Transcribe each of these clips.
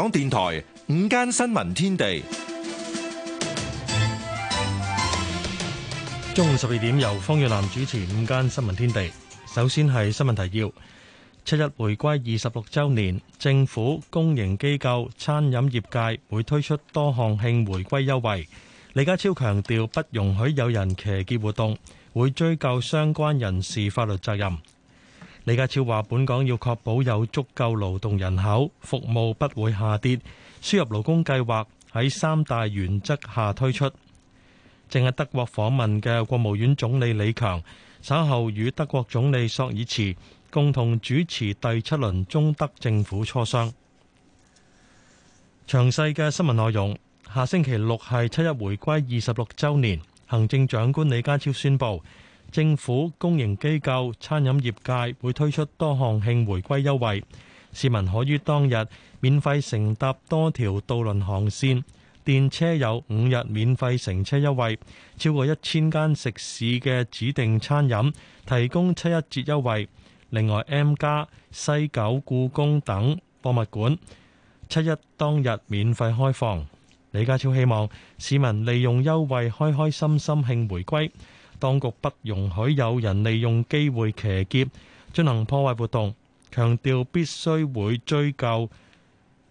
香港電台午間新聞天地，中午十二點由方若蘭主持午間新聞天地。首先係新聞提要：七一回歸二十六周年，政府、公營機構、餐飲業界會推出多項慶回歸優惠。李家超強調，不容許有人騎劫活動，會追究相關人士法律責任。李家超話，本港要確保有足夠勞動人口，服務不會下跌。輸入勞工計劃喺三大原則下推出。正喺德國訪問嘅國務院總理李強，稍後與德國總理索爾茨共同主持第七輪中德政府磋商。詳細嘅新聞內容，下星期六係七一回歸二十六周年，行政長官李家超宣布。政府、公營機構、餐飲業界會推出多項慶回歸優惠，市民可於當日免費乘搭多條渡輪航線，電車有五日免費乘車優惠，超過一千間食肆嘅指定餐飲提供七一折優惠。另外，M+、西九、故宮等博物館七一當日免費開放。李家超希望市民利用優惠，開開心心慶回歸。當局不容許有人利用機會騎劫，進行破壞活動，強調必須會追究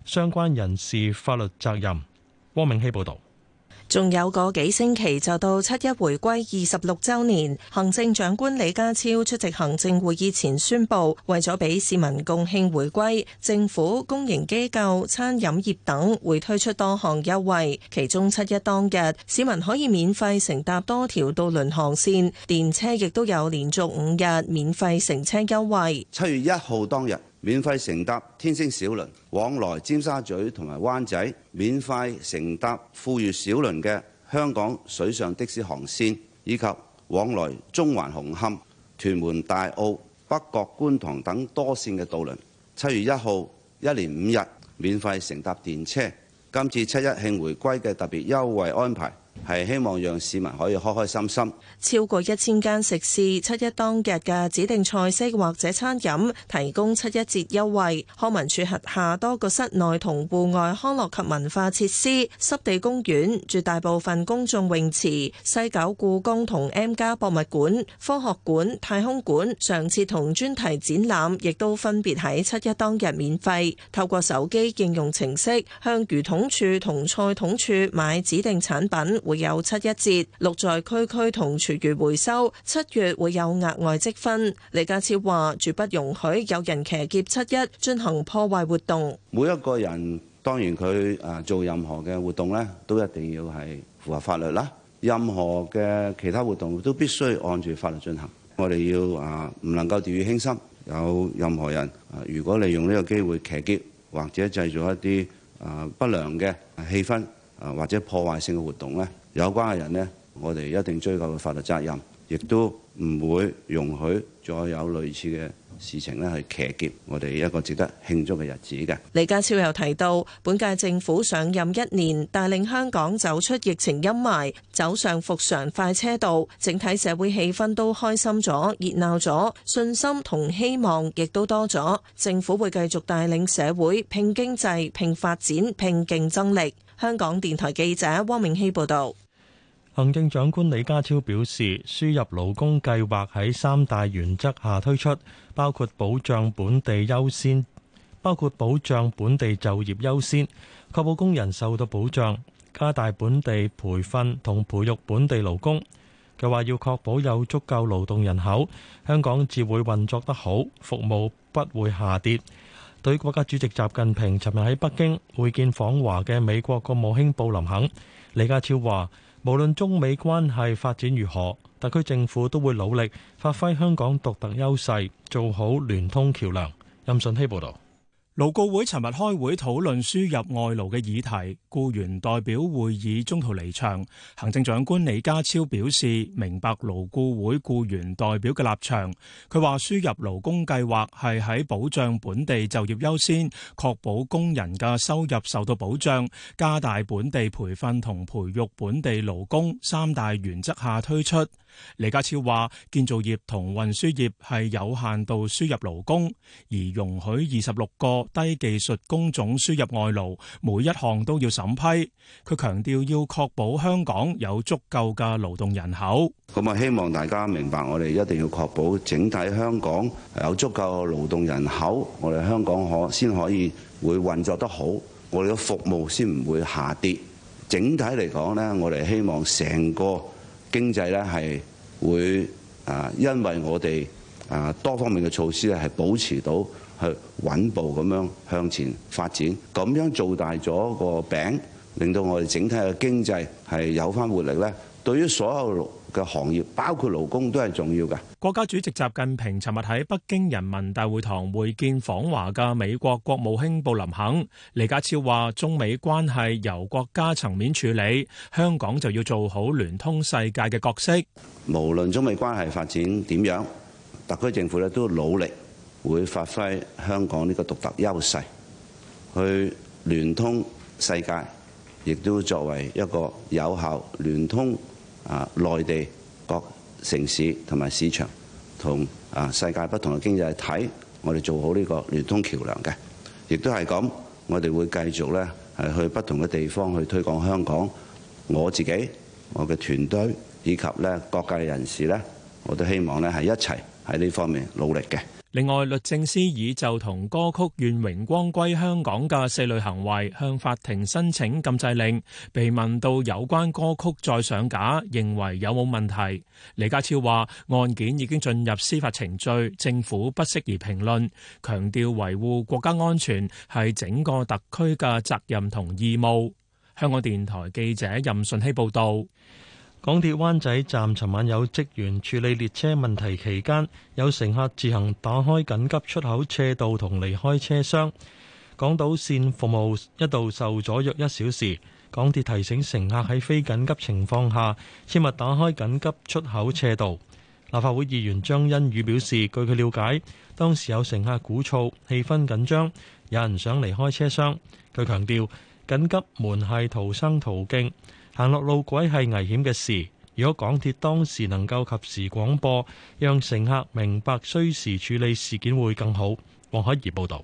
相關人士法律責任。汪明熙報導。仲有個幾星期就到七一回歸二十六週年，行政長官李家超出席行政會議前宣布，為咗俾市民共慶回歸，政府、公營機構、餐飲業等會推出多項優惠。其中七一當日，市民可以免費乘搭多條渡輪航線，電車亦都有連續五日免費乘車優惠。七月一號當日，免費乘搭天星小輪往來尖沙咀同埋灣仔，免費乘搭富裕小輪嘅香港水上的士航線，以及往來中環、紅磡、屯門、大澳、北角、觀塘等多線嘅渡輪。七月一號一連五日免費乘搭電車，今次七一慶回歸嘅特別優惠安排。係希望讓市民可以開開心心。超過一千間食肆七一當日嘅指定菜式或者餐飲提供七一折優惠。康文署轄下多個室內同戶外康樂及文化設施、濕地公園、絕大部分公眾泳池、西九故宮同 M+ 博物館、科學館、太空館，上次同專題展覽亦都分別喺七一當日免費。透過手機應用程式向魚統處同菜統處買指定產品。會有七一節，綠在區區同廚餘回收，七月會有額外積分。李家超話，絕不容許有人騎劫七一進行破壞活動。每一個人當然佢啊做任何嘅活動呢都一定要係符合法律啦。任何嘅其他活動都必須按住法律進行。我哋要啊唔能夠掉以輕心。有任何人啊，如果利用呢個機會騎劫或者製造一啲啊不良嘅氣氛啊或者破壞性嘅活動呢。有關嘅人呢，我哋一定追究法律責任，亦都唔會容許再有類似嘅事情呢係騎劫我哋一個值得慶祝嘅日子嘅。李家超又提到，本屆政府上任一年，帶領香港走出疫情陰霾，走上復常快車道，整體社會氣氛都開心咗、熱鬧咗，信心同希望亦都多咗。政府會繼續帶領社會拼經濟、拼發展、拼競爭力。香港電台記者汪明熙報道，行政長官李家超表示，輸入勞工計劃喺三大原則下推出，包括保障本地優先，包括保障本地就業優先，確保工人受到保障，加大本地培訓同培育本地勞工。佢話要確保有足夠勞動人口，香港至會運作得好，服務不會下跌。對國家主席習近平尋日喺北京會見訪華嘅美國國務卿布林肯，李家超話：無論中美關係發展如何，特區政府都會努力發揮香港獨特優勢，做好聯通橋樑。任信希報道。勞雇會尋日開會討論輸入外勞嘅議題，雇員代表會議中途離場。行政長官李家超表示，明白勞雇會雇員代表嘅立場。佢話輸入勞工計劃係喺保障本地就業優先、確保工人嘅收入受到保障、加大本地培訓同培育本地勞工三大原則下推出。李家超話，建造業同運輸業係有限度輸入勞工，而容許二十六個。低技術工種輸入外勞，每一項都要審批。佢強調要確保香港有足夠嘅勞動人口。咁啊，希望大家明白，我哋一定要確保整體香港有足夠嘅勞動人口，我哋香港可先可以會運作得好，我哋嘅服務先唔會下跌。整體嚟講呢，我哋希望成個經濟呢係會啊，因為我哋啊多方面嘅措施咧係保持到。去穩步咁樣向前發展，咁樣做大咗個餅，令到我哋整體嘅經濟係有翻活力咧。對於所有嘅行業，包括勞工都係重要嘅。國家主席習近平尋日喺北京人民大會堂會見訪華嘅美國國務卿布林肯。李家超話：中美關係由國家層面處理，香港就要做好聯通世界嘅角色。無論中美關係發展點樣，特區政府咧都努力。會發揮香港呢個獨特優勢，去聯通世界，亦都作為一個有效聯通啊，內地各城市同埋市場同啊世界不同嘅經濟體，我哋做好呢個聯通橋梁嘅，亦都係咁。我哋會繼續咧係去不同嘅地方去推廣香港。我自己、我嘅團隊以及咧各界人士咧，我都希望咧係一齊喺呢方面努力嘅。另外，律政司已就同歌曲《願榮光歸香港》嘅四類行為向法庭申請禁制令。被問到有關歌曲再上架，認為有冇問題，李家超話案件已經進入司法程序，政府不適宜評論，強調維護國家安全係整個特區嘅責任同義務。香港電台記者任順希報道。港鐵灣仔站尋晚有職員處理列車問題期間，有乘客自行打開緊急出口斜道同離開車廂。港島線服務一度受阻約一小時。港鐵提醒乘客喺非緊急情況下，切勿打開緊急出口斜道。立法會議員張欣宇表示，據佢了解，當時有乘客鼓噪，氣氛緊張，有人想離開車廂。佢強調，緊急門係逃生途徑。行落路軌係危險嘅事，如果港鐵當時能夠及時廣播，讓乘客明白需時處理事件會更好。黃海怡報導。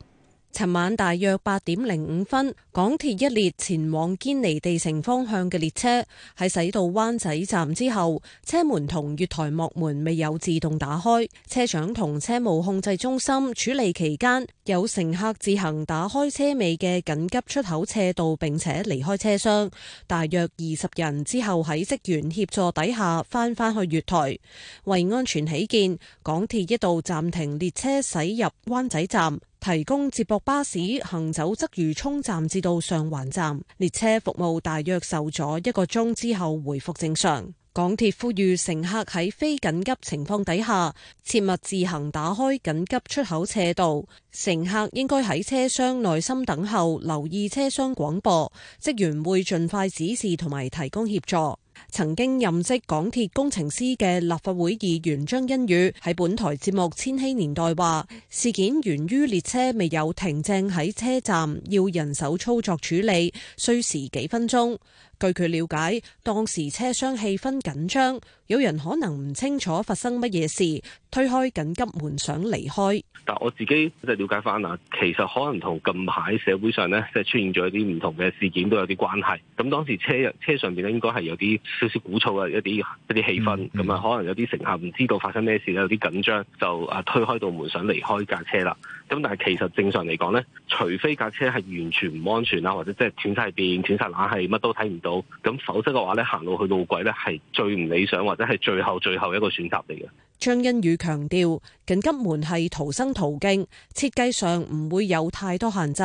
尋晚大約八點零五分，港鐵一列前往堅尼地城方向嘅列車喺駛到灣仔站之後，車門同月台幕門未有自動打開，車長同車務控制中心處理期間，有乘客自行打開車尾嘅緊急出口斜道，並且離開車廂，大約二十人之後喺職員協助底下翻返去月台。為安全起見，港鐵一度暫停列車駛入灣仔站。提供接駁巴士行走鰂魚涌站至到上環站，列車服務大約受阻一個鐘之後回復正常。港鐵呼籲乘客喺非緊急情況底下切勿自行打開緊急出口斜道，乘客應該喺車廂耐心等候，留意車廂廣播，職員會盡快指示同埋提供協助。曾經任職港鐵工程師嘅立法會議員張欣宇喺本台節目《千禧年代》話，事件源於列車未有停正喺車站，要人手操作處理，需時幾分鐘。據佢了解，當時車廂氣氛緊張，有人可能唔清楚發生乜嘢事，推開緊急門想離開。但我自己即係了解翻啦，其實可能同近排社會上呢，即係出現咗一啲唔同嘅事件都有啲關係。咁當時車車上面呢應該係有啲。少少鼓噪嘅一啲一啲氣氛，咁啊、嗯嗯、可能有啲乘客唔知道發生咩事，有啲緊張就啊推開道門想離開架車啦。咁但係其實正常嚟講呢，除非架車係完全唔安全啦，或者即係斷晒電、斷晒冷氣，乜都睇唔到，咁否則嘅話呢，行路去路軌呢，係最唔理想或者係最後最後一個選擇嚟嘅。張欣宇強調，緊急門係逃生途徑，設計上唔會有太多限制，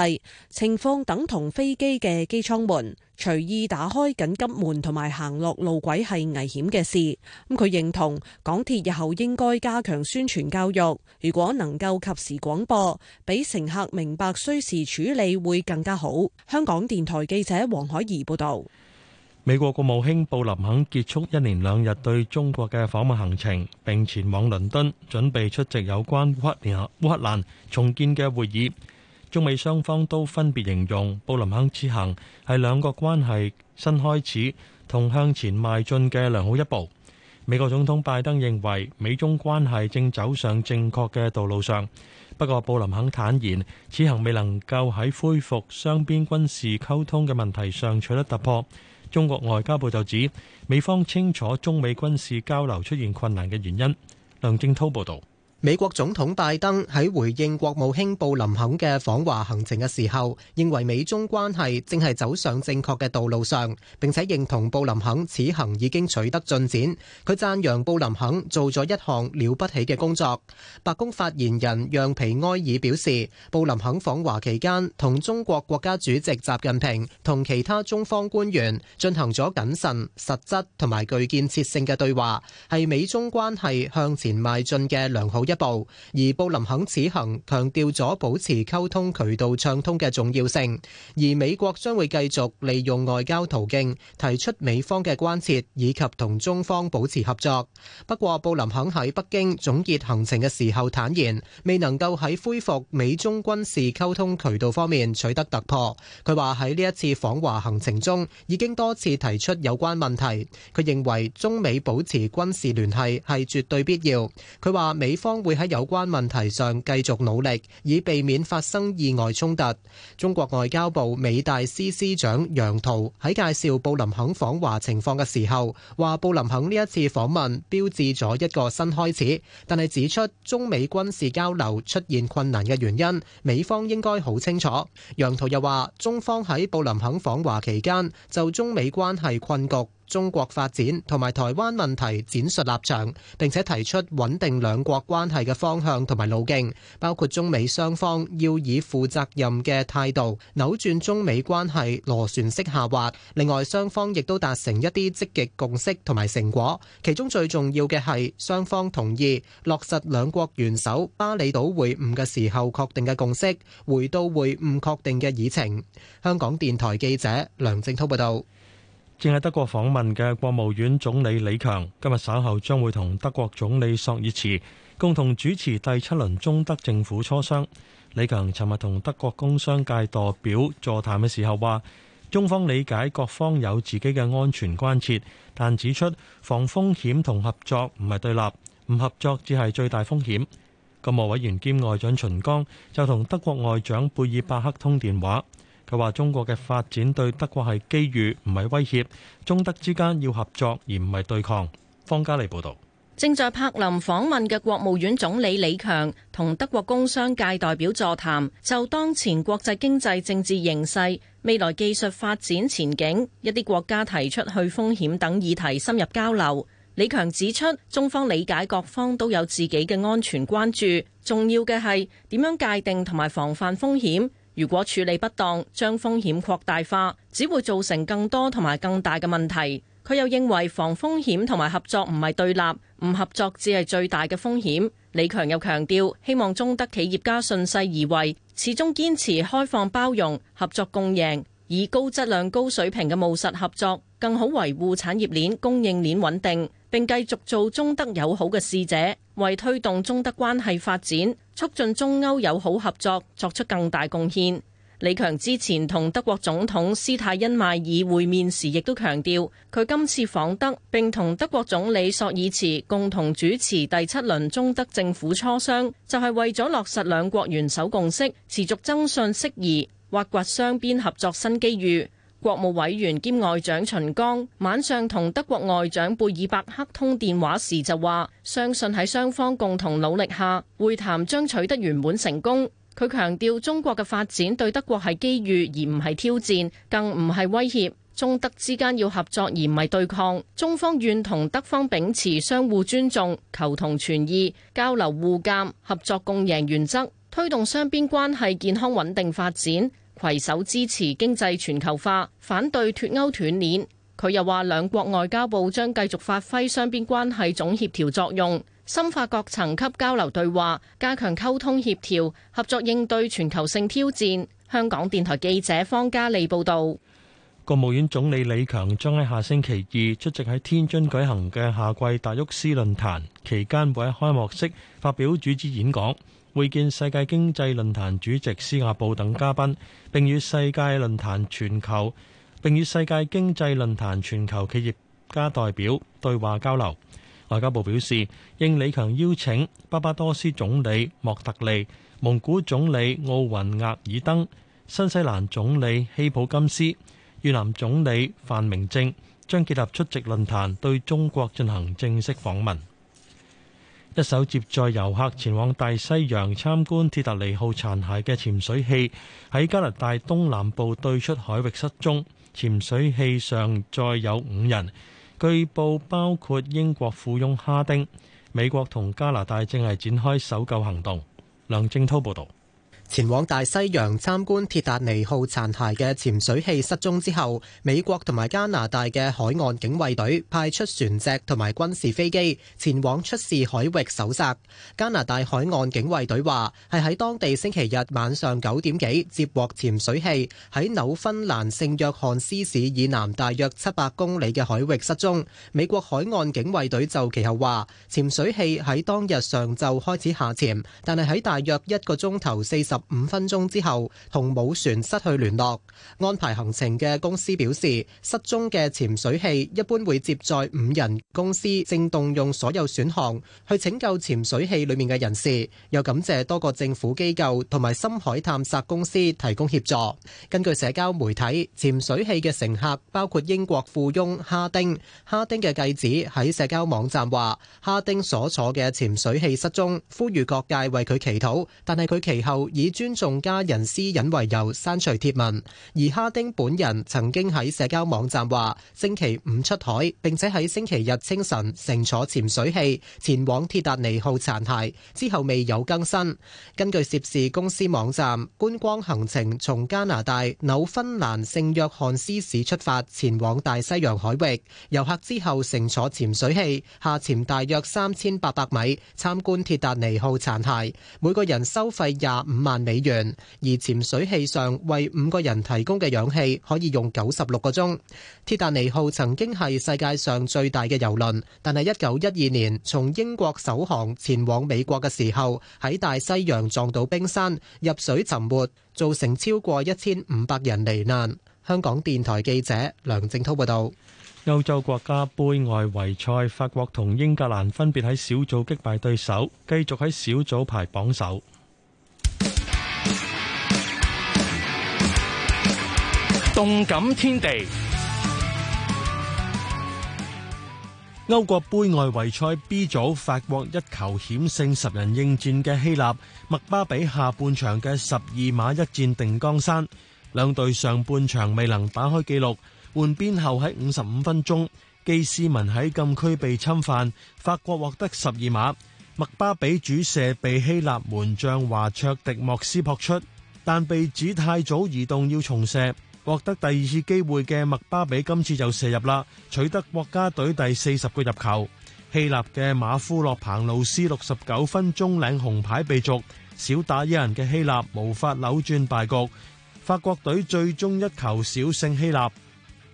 情況，等同飛機嘅機艙門，隨意打開緊急門同埋行落路軌係危險嘅事。咁佢認同港鐵日後應該加強宣傳教育，如果能夠及時廣播，俾乘客明白需時處理會更加好。香港電台記者黃海怡報道。美國國務卿布林肯結束一年兩日對中國嘅訪問行程，並前往倫敦準備出席有關烏克蘭重建嘅會議。中美雙方都分別形容布林肯此行係兩國關係新開始同向前邁進嘅良好一步。美國總統拜登認為美中關係正走上正確嘅道路上，不過布林肯坦言此行未能夠喺恢復雙邊軍事溝通嘅問題上取得突破。中國外交部就指，美方清楚中美軍事交流出現困難嘅原因。梁正濤報道。美國總統拜登喺回應國務卿布林肯嘅訪華行程嘅時候，認為美中關係正係走上正確嘅道路上，並且認同布林肯此行已經取得進展，佢讚揚布林肯做咗一項了不起嘅工作。白宮發言人讓皮埃爾表示，布林肯訪華期間同中國國家主席一步，而布林肯此行強調咗保持溝通渠道暢通嘅重要性，而美國將會繼續利用外交途徑提出美方嘅關切，以及同中方保持合作。不過，布林肯喺北京總結行程嘅時候坦言，未能夠喺恢復美中軍事溝通渠道方面取得突破。佢話喺呢一次訪華行程中，已經多次提出有關問題。佢認為中美保持軍事聯繫係絕對必要。佢話美方。會喺有關問題上繼續努力，以避免發生意外衝突。中國外交部美大司司長楊濤喺介紹布林肯訪華情況嘅時候，話布林肯呢一次訪問標誌咗一個新開始，但係指出中美軍事交流出現困難嘅原因，美方應該好清楚。楊濤又話，中方喺布林肯訪華期間就中美關係困局。中國發展同埋台灣問題展述立場，並且提出穩定兩國關係嘅方向同埋路徑，包括中美雙方要以負責任嘅態度扭轉中美關係螺旋式下滑。另外，雙方亦都達成一啲積極共識同埋成果，其中最重要嘅係雙方同意落實兩國元首巴厘島會晤嘅時候確定嘅共識，回到會晤確定嘅議程。香港電台記者梁正滔報道。正喺德國訪問嘅國務院總理李強，今日稍後將會同德國總理朔爾茨共同主持第七輪中德政府磋商。李強尋日同德國工商界代表座談嘅時候話，中方理解各方有自己嘅安全關切，但指出防風險同合作唔係對立，唔合作只係最大風險。國務委員兼外長秦剛就同德國外長貝爾伯克通電話。佢話：中國嘅發展對德國係機遇，唔係威脅。中德之間要合作，而唔係對抗。方家莉報導。正在柏林訪問嘅國務院總理李強同德國工商界代表座談，就當前國際經濟政治形勢、未來技術發展前景、一啲國家提出去風險等議題深入交流。李強指出，中方理解各方都有自己嘅安全關注，重要嘅係點樣界定同埋防範風險。如果處理不當，將風險擴大化，只會造成更多同埋更大嘅問題。佢又認為防風險同埋合作唔係對立，唔合作只係最大嘅風險。李強又強調，希望中德企業家順勢而為，始終堅持開放包容、合作共贏，以高質量、高水平嘅務實合作，更好維護產業鏈、供應鏈穩定，並繼續做中德友好嘅使者，為推動中德關係發展，促進中歐友好合作，作出更大貢獻。李強之前同德國總統施泰因邁爾會面時，亦都強調，佢今次訪德，並同德國總理朔爾茨共同主持第七輪中德政府磋商，就係、是、為咗落實兩國元首共識，持續增信釋疑，挖掘雙邊合作新機遇。國務委員兼外長秦剛晚上同德國外長貝爾伯克通電話時就話，相信喺雙方共同努力下，會談將取得圓滿成功。佢強調，中國嘅發展對德國係機遇而唔係挑戰，更唔係威脅。中德之間要合作而唔係對抗。中方願同德方秉持相互尊重、求同存異、交流互鑒、合作共贏原則，推動雙邊關係健康穩定發展。攜手支持經濟全球化，反對脱歐斷鏈。佢又話，兩國外交部將繼續發揮雙邊關係總協調作用，深化各層級交流對話，加強溝通協調，合作應對全球性挑戰。香港電台記者方嘉利報道。國務院總理李強將喺下星期二出席喺天津舉行嘅夏季達沃斯論壇，期間會喺開幕式發表主旨演講。會見世界經濟論壇主席施瓦布等嘉賓，並與世界論壇全球並與世界經濟論壇全球企業家代表對話交流。外交部表示，應李強邀請，巴巴多斯總理莫特利、蒙古總理奧雲額爾登、新西蘭總理希普金斯、越南總理范明政將結合出席論壇，對中國進行正式訪問。一艘接載遊客前往大西洋參觀鐵達尼號殘骸嘅潛水器喺加拿大東南部對出海域失蹤，潛水器上載有五人，據報包括英國富翁哈丁。美國同加拿大正係展開搜救行動。梁正濤報道。前往大西洋參觀鐵達尼號殘骸嘅潛水器失蹤之後，美國同埋加拿大嘅海岸警衛隊派出船隻同埋軍事飛機前往出事海域搜索。加拿大海岸警衛隊話係喺當地星期日晚上九點幾接獲潛水器喺紐芬蘭聖約翰斯市以南大約七百公里嘅海域失蹤。美國海岸警衛隊就其後話潛水器喺當日上午開始下潛，但係喺大約一個鐘頭四十。五分鐘之後同母船失去聯絡。安排行程嘅公司表示，失蹤嘅潛水器一般會接載五人。公司正動用所有選項去拯救潛水器裏面嘅人士，又感謝多個政府機構同埋深海探索公司提供協助。根據社交媒體，潛水器嘅乘客包括英國富翁哈丁，哈丁嘅繼子喺社交網站話，哈丁所坐嘅潛水器失蹤，呼籲各界為佢祈禱，但係佢其後以尊重家人私隱為由刪除貼文，而哈丁本人曾經喺社交網站話星期五出海，並且喺星期日清晨乘坐潛水器前往鐵達尼號殘骸，之後未有更新。根據涉事公司網站，觀光行程從加拿大紐芬蘭聖約翰斯市出發，前往大西洋海域，遊客之後乘坐潛水器下潛大約三千八百米，參觀鐵達尼號殘骸，每個人收費廿五萬美元，而潛水器上為五個人提供嘅氧氣可以用九十六個鐘。鐵達尼號曾經係世界上最大嘅郵輪，但係一九一二年從英國首航前往美國嘅時候，喺大西洋撞到冰山入水沉沒，造成超過一千五百人罹難。香港電台記者梁正滔報導。歐洲國家杯外圍賽，法國同英格蘭分別喺小組擊敗對手，繼續喺小組排榜首。動感天地，歐國杯外圍賽 B 組，法國一球險勝十人應戰嘅希臘。麥巴比下半場嘅十二碼一戰定江山。兩隊上半場未能打開紀錄，換邊後喺五十五分鐘，基斯文喺禁區被侵犯，法國獲得十二碼。麥巴比主射被希臘門將華卓迪莫斯撲出，但被指太早移動要重射。獲得第二次機會嘅麥巴比，今次就射入啦，取得國家隊第四十個入球。希臘嘅馬夫洛彭路斯六十九分鐘領紅牌被逐，少打一人嘅希臘無法扭轉敗局。法國隊最終一球小勝希臘。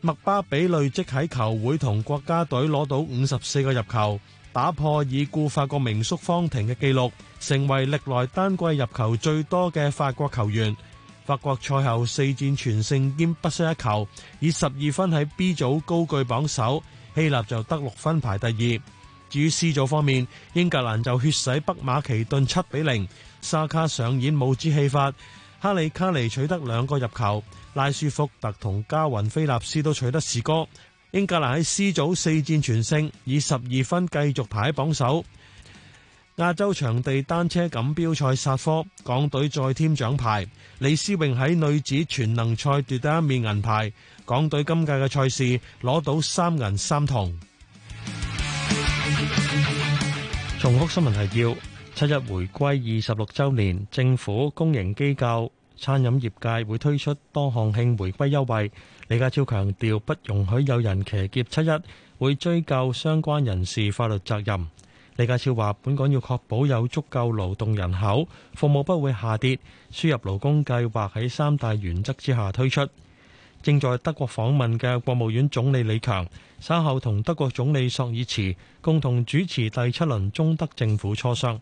麥巴比累積喺球會同國家隊攞到五十四個入球，打破已故法國名宿方廷嘅紀錄，成為歷來單季入球最多嘅法國球員。法國賽後四戰全勝兼不失一球，以十二分喺 B 組高居榜首。希臘就得六分排第二。至於 C 組方面，英格蘭就血洗北馬其頓七比零，沙卡上演帽子戲法，哈利卡尼取得兩個入球，拉舒福特同加雲菲臘斯都取得士哥。英格蘭喺 C 組四戰全勝，以十二分繼續排喺榜首。亞洲場地單車錦標賽煞科，港隊再添獎牌。李思榮喺女子全能賽奪得一面銀牌，港隊今屆嘅賽事攞 到三銀三銅。重複新聞提要：七一回歸二十六周年，政府、公營機構、餐飲業界會推出多項慶回歸優惠。李家超強調，不容許有人騎劫七一，會追究相關人士法律責任。李家超話：本港要確保有足夠勞動人口，服務不會下跌。輸入勞工計劃喺三大原則之下推出。正在德國訪問嘅國務院總理李強，稍後同德國總理朔爾茨共同主持第七輪中德政府磋商。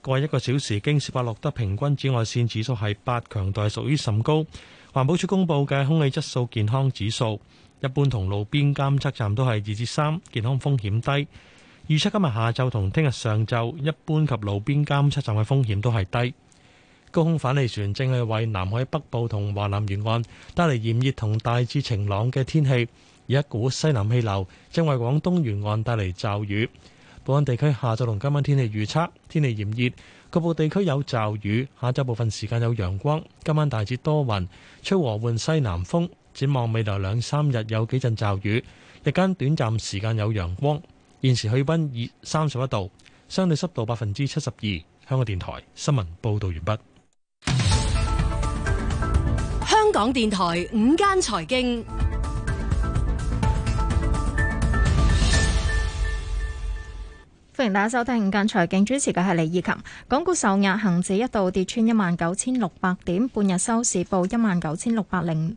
過一個小時，京士柏錄得平均紫外線指數係八，強度屬於甚高。環保署公布嘅空氣質素健康指數，一般同路邊監測站都係二至三，健康風險低。預測今日下晝同聽日上晝一般及路邊監測站嘅風險都係，低。高空反氣旋正係為南海北部同華南沿岸帶嚟炎熱同大致晴朗嘅天氣，而一股西南氣流正為廣東沿岸帶嚟驟雨。本港地區下晝同今晚天氣預測，天氣炎熱，局部地區有驟雨。下晝部分時間有陽光，今晚大致多雲，吹和緩西南風。展望未來兩三日有幾陣驟雨，日間短暫時間有陽光。現時氣温二三十一度，相對濕度百分之七十二。香港電台新聞報道完畢。香港電台午間財經，歡迎大家收聽午間財經，主持嘅係李意琴。港股受壓，恒指一度跌穿一萬九千六百點，半日收市報一萬九千六百零。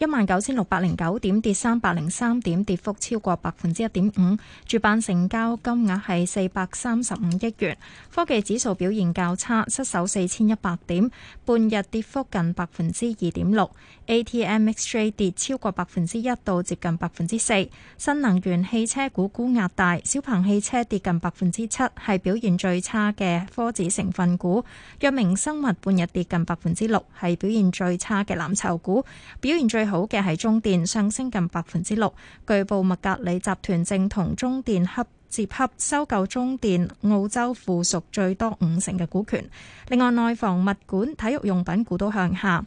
一萬九千六百零九點，跌三百零三點，跌幅超過百分之一點五。主板成交金額係四百三十五億元。科技指數表現較差，失守四千一百點，半日跌幅近百分之二點六。ATMXJ 跌超過百分之一到接近百分之四。新能源汽車股沽壓大，小鵬汽車跌近百分之七，係表現最差嘅科指成分股。藥明生物半日跌近百分之六，係表現最差嘅藍籌股。表現最最好嘅係中電上升近百分之六。據報麥格理集團正同中電合接洽收購中電澳洲附屬最多五成嘅股權。另外內房物管、體育用品股都向下。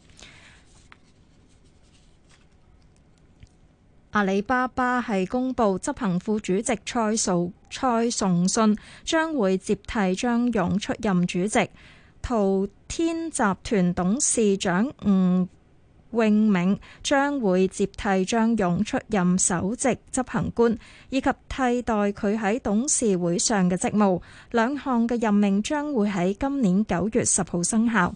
阿里巴巴係公佈執行副主席蔡素蔡崇信將會接替張勇出任主席。淘天集團董事長吳泳銘將會接替張勇出任首席執行官，以及替代佢喺董事會上嘅職務。兩項嘅任命將會喺今年九月十號生效。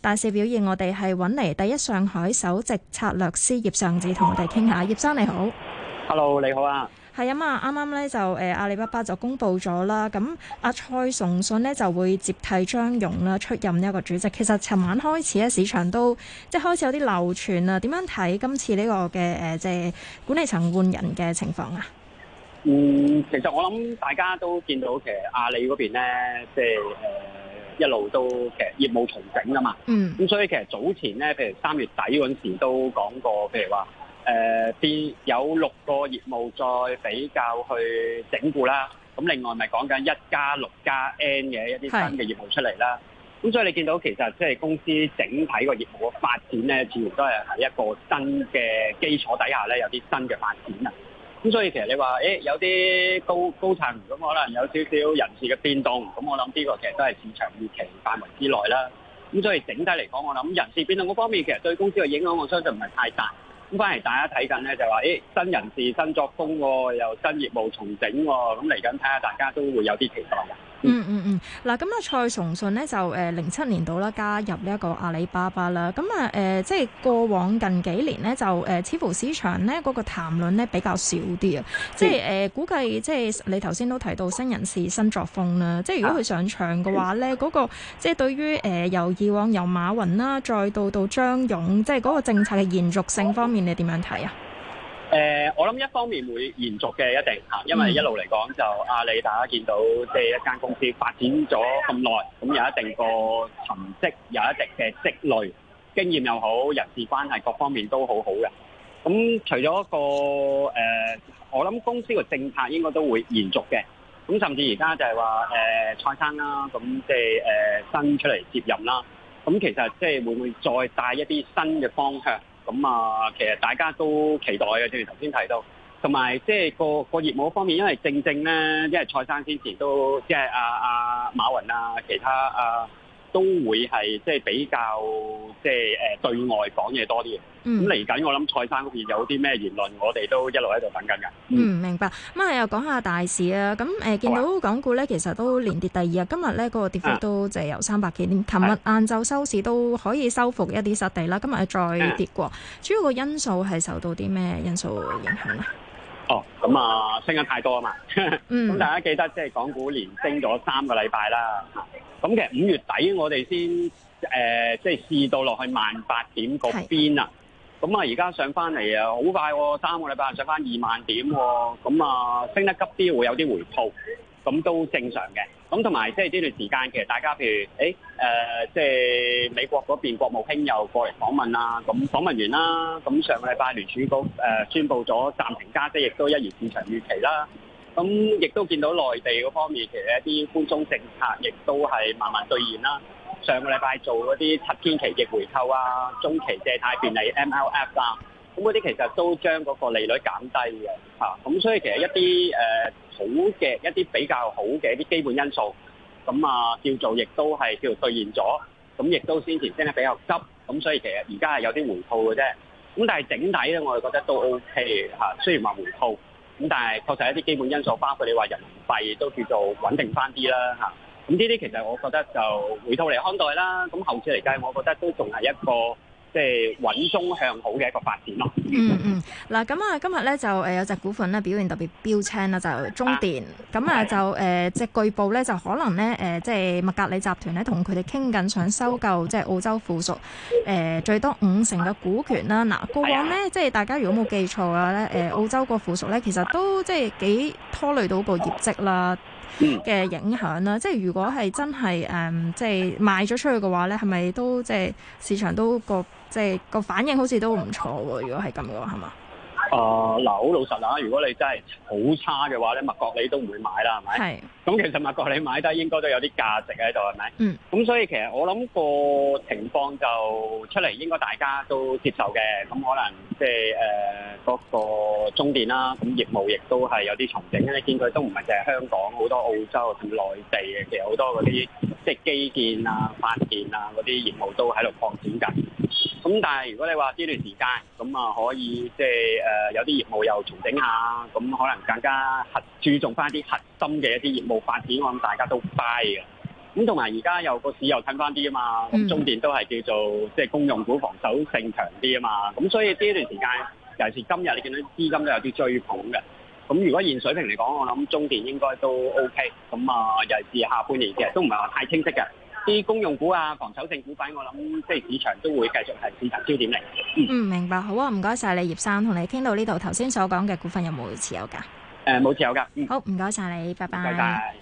大市表現，我哋係搵嚟第一上海首席策略師葉尚志同我哋傾下。葉 Hello. 生你好，Hello，你好啊。係啊嘛，啱啱咧就誒阿里巴巴就公布咗啦，咁阿蔡崇信咧就會接替張勇啦，出任呢一個主席。其實尋晚開始咧，市場都即係開始有啲流傳啊，點樣睇今次呢個嘅誒即係管理層換人嘅情況啊？嗯，其實我諗大家都見到，其實阿里嗰邊咧，即係誒一路都其實業務重整啊嘛。嗯。咁所以其實早前咧，譬如三月底嗰陣時都講過，譬如話。誒，邊有六個業務再比較去整固啦。咁另外咪講緊一加六加 N 嘅一啲新嘅業務出嚟啦。咁所以你見到其實即係公司整體個業務發展咧，似乎都係喺一個新嘅基礎底下咧，有啲新嘅發展啊。咁所以其實你話誒有啲高高層咁，可能有少少人事嘅變動，咁我諗呢個其實都係市場預期範圍之內啦。咁所以整體嚟講，我諗人事變動嗰方面，其實對公司嘅影響，我相信唔係太大。咁翻嚟大家睇緊咧，就話：誒、欸，新人事、新作風啊，又新業務重整啊，咁嚟緊睇下，大家都會有啲期待嘅。嗯嗯、mm hmm. 嗯，嗱咁啊，蔡崇信呢，就誒零七年度啦加入呢一個阿里巴巴啦。咁啊誒、呃、即係過往近幾年呢，就誒、呃、似乎市場呢嗰、嗰個談論呢，比較少啲啊。即係誒、呃、估計即係你頭先都提到新人事新作風啦。即係如果佢上場嘅話呢嗰、嗰個即係對於誒、呃、由以往由馬雲啦，再到到張勇，即係嗰個政策嘅延續性方面，你點樣睇啊？誒、呃，我諗一方面會延續嘅一定嚇，因為一路嚟講就阿里、啊、大家見到即係一間公司發展咗咁耐，咁有一定個沉積，有一定嘅積累經驗又好，人事關係各方面都好好嘅。咁除咗一個誒、呃，我諗公司個政策應該都會延續嘅。咁甚至而家就係話誒蔡生啦、啊，咁即係誒新出嚟接任啦、啊。咁其實即係會唔會再帶一啲新嘅方向？咁啊、嗯，其實大家都期待嘅，正如頭先提到，同埋即係個個業務方面，因為正正咧，因為蔡生先前都即係、就是、啊啊馬雲啊，其他啊。都會係即係比較即係誒對外講嘢多啲咁嚟緊，嗯、我諗蔡生嗰邊有啲咩言論，我哋都一路喺度等緊㗎。嗯，明白。咁啊，又講下大市啊。咁誒，見到港股咧，其實都連跌第二日。今日咧，嗰、嗰個跌幅都即係有三百幾點。琴、啊、日晏晝收市都可以收復一啲失地啦。今日再跌過，啊、主要個因素係受到啲咩因素影響啊？哦，咁啊，升得太多啊嘛。咁、 嗯、大家記得，即係港股連升咗三個禮拜啦。咁其實五月底我哋先誒即係試到落去萬八點個邊啦。咁啊，而家上翻嚟啊好快喎、哦，三個禮拜上翻二萬點喎、哦。咁啊，升得急啲會有啲回吐，咁都正常嘅。咁同埋即係呢段時間其實大家譬如誒誒即係美國嗰邊國務卿又過嚟訪問啦。咁訪問完啦，咁上個禮拜聯儲局誒宣布咗暫停加息，亦都一如市場預期啦。咁亦都見到內地嗰方面，其實一啲寬鬆政策亦都係慢慢兌現啦。上個禮拜做嗰啲七天期逆回購啊，中期借貸便利 MLF 啦，咁嗰啲其實都將嗰個利率減低嘅嚇。咁所以其實一啲誒好嘅一啲比較好嘅一啲基本因素，咁啊叫做亦都係叫做兌現咗。咁亦都先前升得比較急，咁所以其實而家係有啲回吐嘅啫。咁但係整體咧，我哋覺得都 OK 嚇，雖然話回吐。咁但係確實係一啲基本因素，包括你話人民幣都叫做穩定翻啲啦，嚇、啊。咁呢啲其實我覺得就回頭嚟看待啦。咁後市嚟計，我覺得都仲係一個。即係穩中向好嘅一個發展咯、嗯。嗯嗯，嗱咁啊，今日咧就誒有隻股份咧表現特別標青啦，就係、中電咁啊，就誒即係據報咧就可能咧誒即係麥格理集團咧同佢哋傾緊，想收購、嗯、即係澳洲附屬誒、呃、最多五成嘅股權啦。嗱、呃，過往咧即係大家如果冇記錯啊咧誒澳洲個附屬咧其實都即係幾拖累到部業績啦。嗯嘅影響啦，即係如果係真係誒、嗯，即係賣咗出去嘅話咧，係咪都即係市場都個即係個反應好似都唔錯喎？如果係咁嘅話，係嘛？哦，嗱、呃，好老實啦，如果你真係好差嘅話咧，麥格理你都唔會買啦，係咪？係是。咁其實麥格理你買得應該都有啲價值喺度，係咪？嗯。咁所以其實我諗個情況就出嚟，應該大家都接受嘅。咁可能即係誒嗰個中電啦，咁業務亦都係有啲重整。因為你見佢都唔係淨係香港，好多澳洲同內地嘅，其實好多嗰啲即係基建啊、發電啊嗰啲業務都喺度擴展緊。咁但係如果你話呢段時間，咁啊可以即係誒有啲業務又重整下，咁可能更加核注重翻啲核心嘅一啲業務發展，我諗大家都 buy 嘅。咁同埋而家又個市又近翻啲啊嘛，咁中電都係叫做即係公用股防守性強啲啊嘛，咁所以呢段時間尤其是今日你見到資金都有啲追捧嘅。咁如果現水平嚟講，我諗中電應該都 OK。咁啊，尤其是下半年嘅都唔係話太清晰嘅。啲公用股啊、防守性股份，我諗即係市場都會繼續係市場焦點嚟。嗯，嗯，明白。好啊，唔該曬你，葉生，同你傾到呢度。頭先所講嘅股份有冇持有㗎？誒，冇持有㗎。好，唔該曬你，拜拜。拜拜。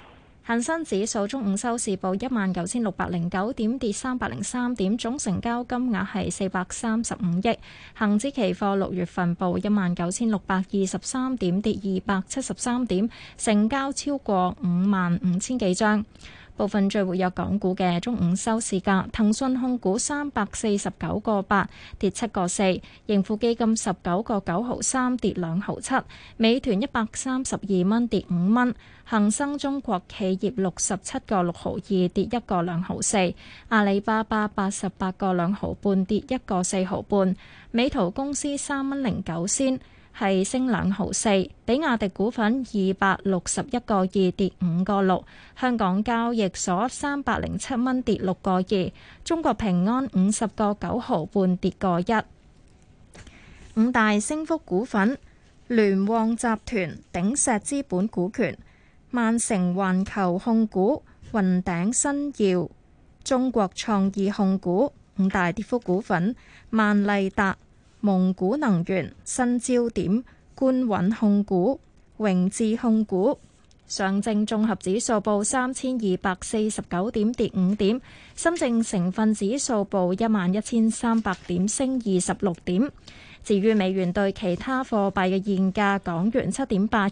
恆生指數中午收市報一萬九千六百零九點，跌三百零三點，總成交金額係四百三十五億。恆指期貨六月份報一萬九千六百二十三點，跌二百七十三點，成交超過五萬五千幾張。部分最活躍港股嘅中午收市價，騰訊控股三百四十九個八，跌七個四；盈富基金十九個九毫三，跌兩毫七；美團一百三十二蚊，跌五蚊；恒生中國企業六十七個六毫二，跌一個兩毫四；阿里巴巴八十八個兩毫半，跌一個四毫半；美圖公司三蚊零九仙。係升兩毫四，比亞迪股份二百六十一個二，跌五個六，香港交易所三百零七蚊，跌六個二，中國平安五十個九毫半，跌個一。五大升幅股份：聯旺集團、鼎石資本股權、萬城環球控股、雲頂新耀、中國創意控股。五大跌幅股份：萬麗達。蒙古能源、新焦點、官穩控股、榮智控股。上證綜合指數報三千二百四十九點，跌五點。深證成分指數報一萬一千三百點，升二十六點。至於美元對其他貨幣嘅現價，港元七點八二，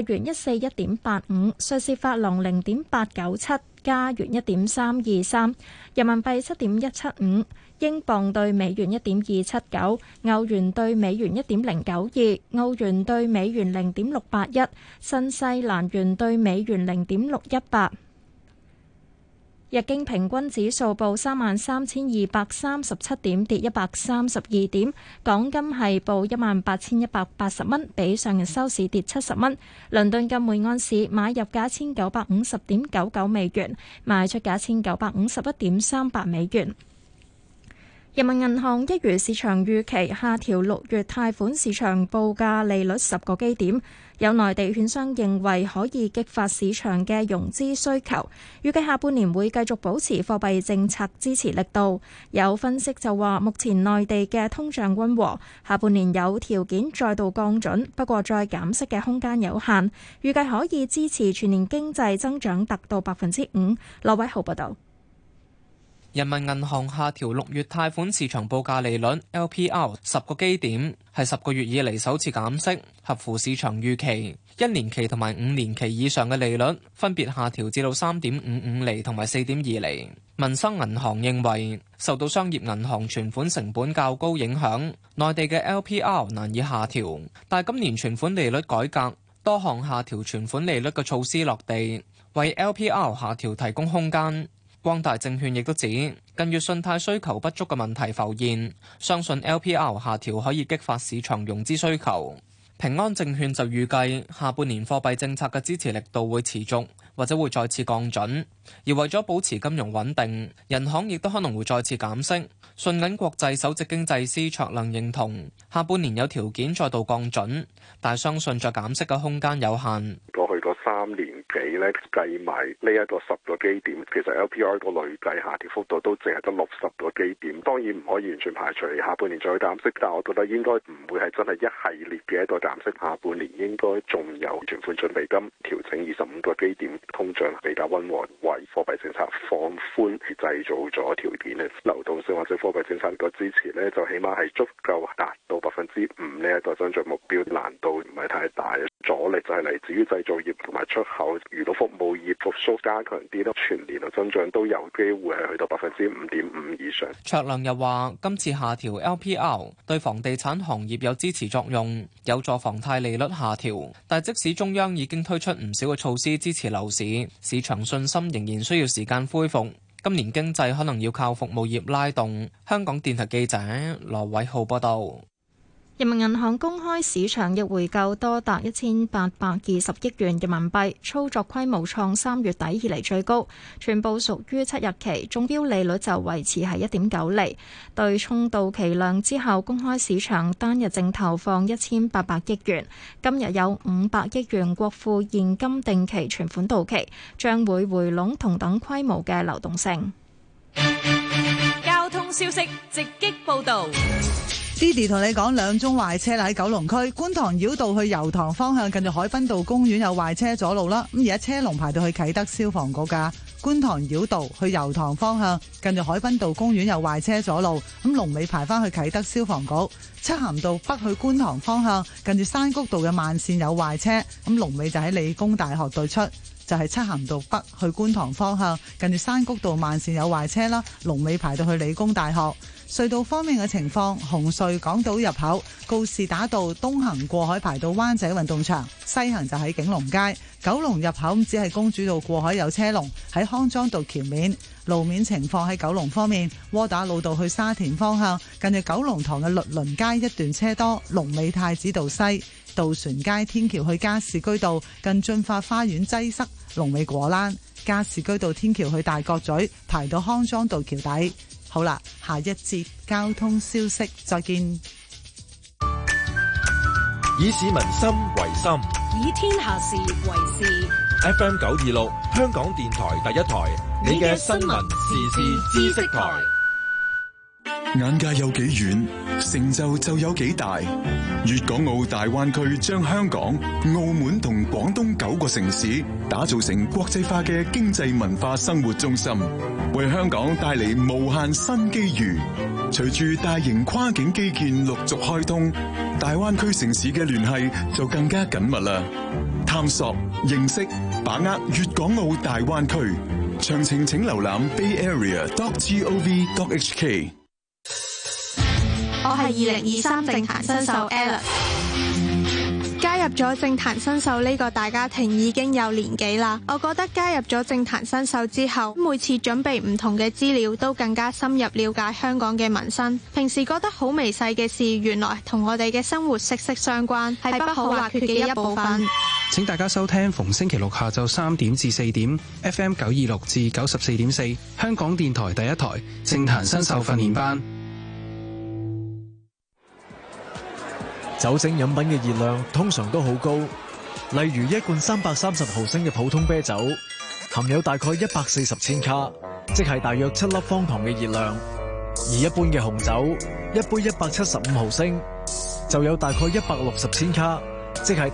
日元一四一點八五，瑞士法郎零點八九七，加元一點三二三，人民幣七點一七五。英鎊兌美元一點二七九，歐元兌美元一點零九二，澳元兌美元零點六八一，新西蘭元兌美元零點六一八。日經平均指數報三萬三千二百三十七點，跌一百三十二點。港金係報一萬八千一百八十蚊，比上日收市跌七十蚊。倫敦嘅每安士買入價一千九百五十點九九美元，賣出價一千九百五十一點三八美元。人民銀行一如市場預期，下調六月貸款市場報價利率十個基點，有內地券商認為可以激發市場嘅融資需求，預計下半年會繼續保持貨幣政策支持力度。有分析就話目前內地嘅通脹溫和，下半年有條件再度降準，不過再減息嘅空間有限，預計可以支持全年經濟增長達到百分之五。羅偉豪報道。人民銀行下調六月貸款市場報價利率 （LPR） 十個基點，係十個月以嚟首次減息，合乎市場預期。一年期同埋五年期以上嘅利率分別下調至到三點五五厘同埋四點二厘。民生銀行認為，受到商業銀行存款成本較高影響，內地嘅 LPR 難以下調，但今年存款利率改革，多項下調存款利率嘅措施落地，為 LPR 下調提供空間。光大證券亦都指，近月信貸需求不足嘅問題浮現，相信 LPR 下調可以激發市場融資需求。平安證券就預計，下半年貨幣政策嘅支持力度會持續，或者會再次降準。而為咗保持金融穩定，銀行亦都可能會再次減息。信銀國際首席經濟師卓亮認同，下半年有條件再度降準，但相信再減息嘅空間有限。過去三年。幾咧計埋呢一個十個基點，其實 LPR 個累計下調幅度都淨係得六十個基點。當然唔可以完全排除下半年再減息，但係我覺得應該唔會係真係一系列嘅一個減息。下半年應該仲有存款準備金調整二十五個基點，通脹比較溫和，為貨幣政策放寬製造咗條件咧。流動性或者貨幣政策個支持呢，就起碼係足夠達到百分之五呢一個增長目標，難度唔係太大。阻力就係嚟自於製造業同埋出口。如果服務業復甦加強啲咯，全年嘅增長都有機會係去到百分之五點五以上。卓亮又話，今次下調 LPR 對房地產行業有支持作用，有助房貸利率下調。但即使中央已經推出唔少嘅措施支持樓市，市場信心仍然需要時間恢復。今年經濟可能要靠服務業拉動。香港電台記者羅偉浩報道。人民銀行公開市場亦回購多達一千八百二十億元人民幣，操作規模創三月底以來最高，全部屬於七日期，中標利率就維持係一點九厘。對沖到期量之後，公開市場單日淨投放一千八百億元，今日有五百億元國庫現金定期存款到期，將會回籠同等規模嘅流動性。交通消息直擊報道。Didi 同你講兩宗壞車啦，喺九龍區觀塘繞道去油塘方向，近住海濱道公園有壞車阻路啦。咁而家車龍排到去啟德消防局噶，觀塘繞道去油塘方向，近住海濱道公園有壞車阻路。咁龍尾排翻去啟德消防局，漆咸道北去觀塘方向，近住山谷道嘅慢線有壞車。咁龍尾就喺理工大學對出，就係漆咸道北去觀塘方向，近住山谷道慢線有壞車啦。龍尾排到去理工大學。隧道方面嘅情況，紅隧港島入口告士打道東行過海排到灣仔運動場，西行就喺景隆街；九龍入口只係公主道過海有車龍，喺康莊道橋面。路面情況喺九龍方面，窩打老道去沙田方向，近住九龍塘嘅律倫街一段車多，龍尾太子道西，渡船街天橋去加士居道，近駿發花園擠塞，龍尾果欄，加士居道天橋去大角咀排到康莊道橋底。好啦，下一節交通消息，再見。以市民心為心，以天下事為事。FM 九二六，香港電台第一台，你嘅新聞時事知識台。，眼界有幾遠，成就就有幾大。粵港澳大灣區將香港、澳門同廣東九個城市打造成國際化嘅經濟文化生活中心，為香港帶嚟無限新機遇。隨住大型跨境基建陸續開通，大灣區城市嘅聯繫就更加緊密啦。探索、認識、把握粵港澳大灣區，詳情請瀏覽 bayarea.gov.hk。我係二零二三政壇新秀 Ellis，加入咗政壇新秀呢個大家庭已經有年幾啦。我覺得加入咗政壇新秀之後，每次準備唔同嘅資料都更加深入了解香港嘅民生。平時覺得好微細嘅事，原來同我哋嘅生活息息相關，係不可或缺嘅一部分。請大家收聽逢星期六下晝三點至四點，FM 九二六至九十四點四，香港電台第一台政壇新秀訓練班。酒精飲品嘅熱量通常都好高，例如一罐三百三十毫升嘅普通啤酒，含有大概一百四十千卡，即係大約七粒方糖嘅熱量；而一般嘅紅酒，一杯一百七十五毫升，就有大概一百六十千卡，即係。